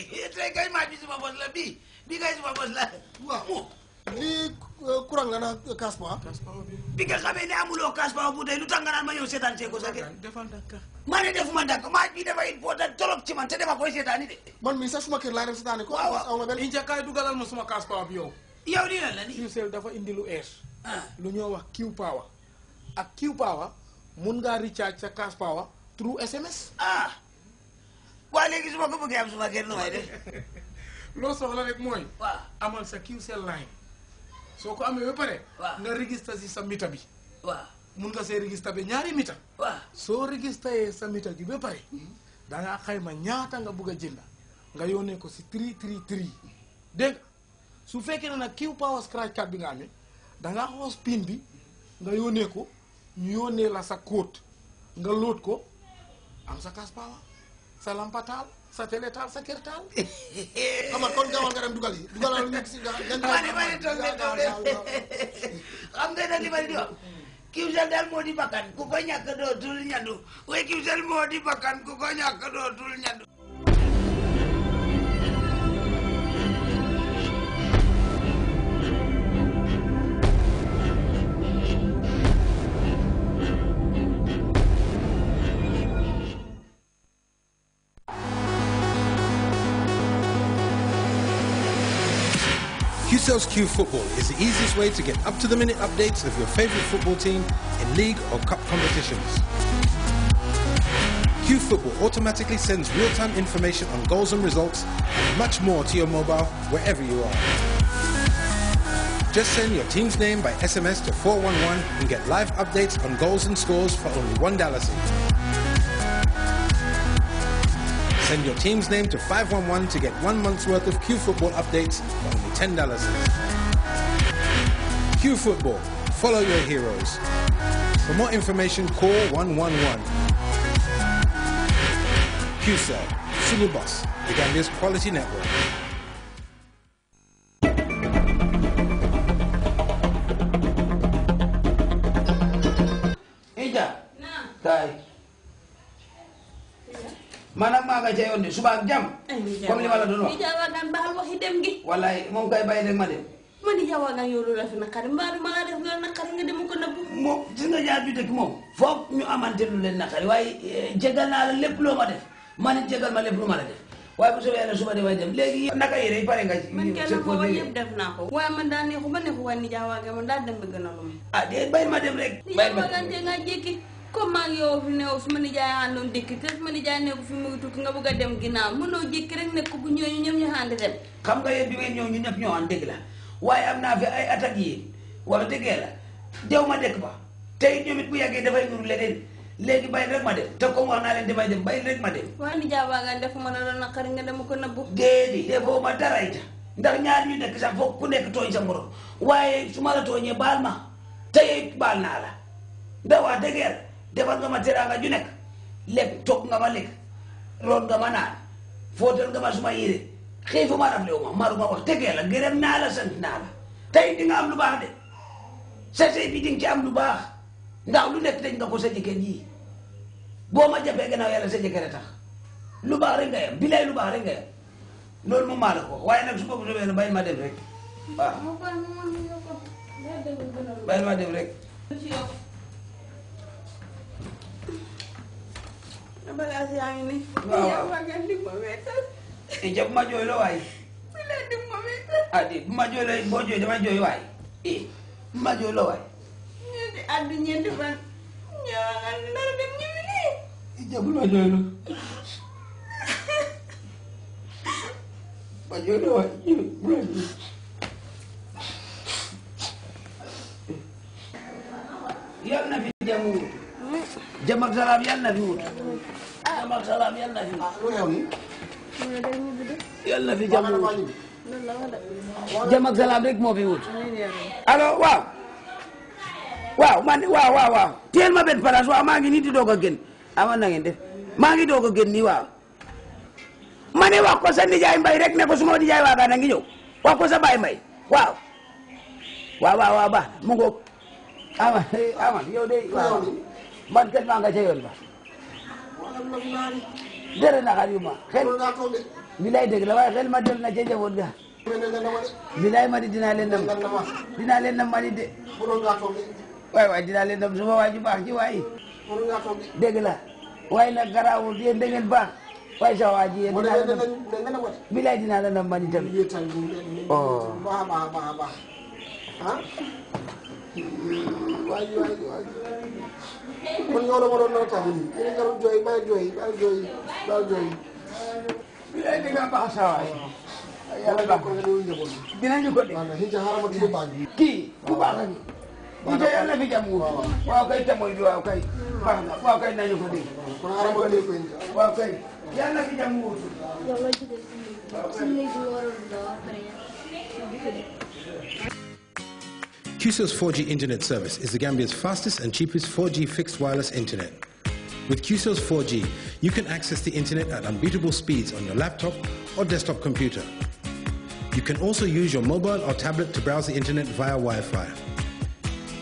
tey kay maa bi suma bos la bii bii kay suma bos la. waaw lii euh, courant la na Kaspa. Euh, bi nga xamee ne amuloo Kaspa bu tey lu tax nga naan ma ñëw seetaan see ko sa kër. defal ndànk. maa ne defuma ndànk bi dafa important torop ci man te dama koy seetaani de. man mii sax suma kër laa dem seetaani ko. waaw waaw benn njëkkaay dugalal ma suma Kaspa bi yow. yow nii lan la nii. Qcell dafa indi lu ees. Ah. lu ñoo wax Q power ak Q power mun ngaa recharge sa Kaspa wa waaye léegi su ma am su ma kenn def loo soxla rek mooy amal sa QCell line soo ko amee ba pare waaw nga registré si sa mita bi waaw mun nga see registré bi ñaari mita waaw So registré sa mita gi ba pare dangaa xayma ñaata nga bugg a jënda nga yónnee ko si tri tri tri dégg nga su fekkee ne nag power scratch card bi nga amee dangaa xoos pin bi nga yónnee ko ñu yónnee la sa code nga loot ko am sa cash power sa lampa taal sa télé taal sa kër taal. xam nga kon gaawal nga dem dugal yi dugalal nekk si gaaw. waaw li ma di toog de toog de xam nga nag li ma di wax. kiwsel daal moo di bakkan ku ko ñàkk dootul ñandu waaye kiwsel moo di bakkan ku ko ñàkk dootul ñandu. QCell's Q Football is the easiest way to get up-to-the-minute updates of your favourite football team in league or cup competitions. Q Football automatically sends real-time information on goals and results and much more to your mobile wherever you are. Just send your team's name by SMS to 411 and get live updates on goals and scores for only $1. Send your team's name to 511 to get one month's worth of Q Football updates for only $10. Q Football. Follow your heroes. For more information, call 111. QCell, Single Bus, the Gambia's quality network. nga ca yoon de suba ak jàmm. comme li ma la doon wax. Ndijaay waagaan baal waxi dem gi. wallaay moom kay bàyyi rek ma dem. ma Ndijaay waagaan yow loolu la fi naqari mbaa ma laa def loolu naqari nga dem ko nëbbu. moom gis nga jaar bi dëkk moom. foog ñu amante lu leen naqari waaye eh, jégal naa la lépp loo ma def ma ne jégal ma lépp lu ma la def. waaye bu soobee yàlla suba damay dem léegi naka yére yi pare nga man kenn ko yëpp def naa ko waaye man daa neexu ba neexu waaye nijaay waagaan man daa dem bi gën a lu ma ah déet bàyyi ma dem rek bàyyi ma dem rek nijaay waagaan te nga jékki comme maa ngi yow fi ne su ma nijaay àndoon dikki te su ma nijaay nekku fi mu ngi nga a dem ginnaaw mënoo jékki rek xam nga yéen bi ngeen ñëw ñu ñëpp ñoo ànd la waaye am naa fi ay attaques yi wax dëggee la dew ma dëkk ba tey ñoom bu yàggee dafay nuru leneen léegi bàyyi rek ma dem te comme wax naa leen damay dem bàyyi rek ma dem waaye nijaay baa nga def ma ne la naqari nga dama ko nëbbu déedéet defoo ma dara it ndax ñaar ñu nekk sax foog ku nekk tooñ sa morom waaye su ma la tooñee baal ma tey baal naa la ndax waa dëggee la defal nga ma nga ju nek lepp tok nga ma lek ron nga ma na fotel nga ma suma yére xiifuma maru ma wax tege la gërem na la sant na la tay di nga am lu baax de sa sey bi di nga ci am lu baax ndax lu nek dañ nga ko sa jëkkër yi boo ma gënaaw yalla sa jëkkër tax lu baax rek ngay bi lay lu baax rek ngay mo mala ko su dem rek ma dem rek balaas yaa ngi nii. waaw ma ngeen di ma bu ma jooy la ma weesal. ah di bu ma jooy la boo jooy damay ma jooy la waay. ñeenti addu ñeenti fan. ma jooy ma jooy la jàmm ak salaam yal na fi wut jàmm salaam yal na fi wut yal salaam rek moo fi wut alors waaw waaw man waaw waaw waaw teel ma benn place waaw maa ngi nii di doog a génn ama ah, na ngeen maa ngi doog a génn nii waaw ma ne wax ko sa nijaay mbay rek ne ko suma nijaay waaga na ngi ñëw wax ko sa baay mbay waaw waaw waaw waaw baax man tellement nga ca yoon ba. dere na xar yu ma xel. bilay dëgg la waaye xel ma del na ca njaboot ga. bilay ma di dinaa leen nam dinaa leen nam ma di de. waay waay dinaa leen nam suma waay ju la waaye nag garaawul yéen da ngeen baax. waaye sax waa ji yéen dinaa leen nam bilay dinaa leen nam ma di waay waay waay man yow dama doon naw tax yéen a ngi doon jooy baal jooy baal jooy baal jooy. bilaay da ngaa baax saa waay. yàlla baax dinañu ko de. kii ku baax la nii. waaw te yàlla fi jàmm wuutu. waaw kay te mooy waaw kay. baax na waaw kay nañu ko dégg. waaw kay yàlla fi jàmm wuutu. waaw kay. QCell's 4G internet service is the Gambia's fastest and cheapest 4G fixed wireless internet. With QCell's 4G, you can access the internet at unbeatable speeds on your laptop or desktop computer. You can also use your mobile or tablet to browse the internet via Wi-Fi.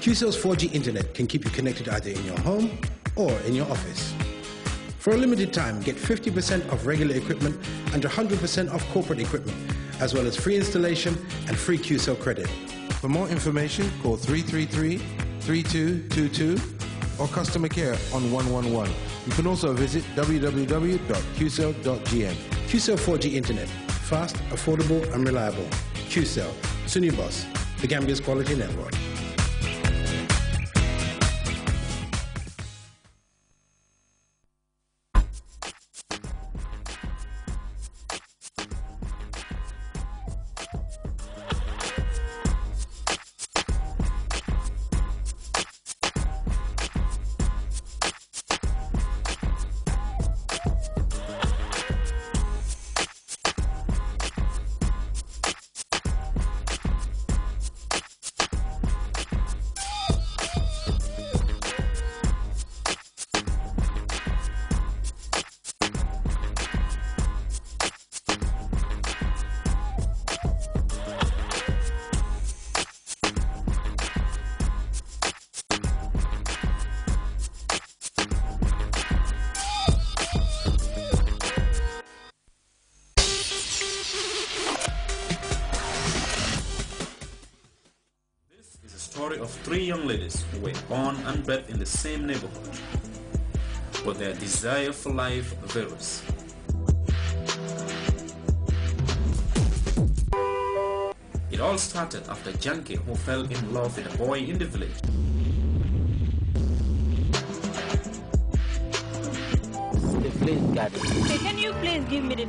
QCell's 4G internet can keep you connected either in your home or in your office. For a limited time, get 50% off regular equipment and 100% off corporate equipment, as well as free installation and free QCell credit. For more information, call 333-3222 or customer care on 111. You can also visit www.qcell.gm. QCell 4G Internet. Fast, affordable, and reliable. QCell. Sunibus. The Gambia's quality network. story of three young ladies who were born and bred in the same neighborhood, but their desire for life varies. It all started after Janke, who fell in love with a boy in the village. The Okay, can you please give me the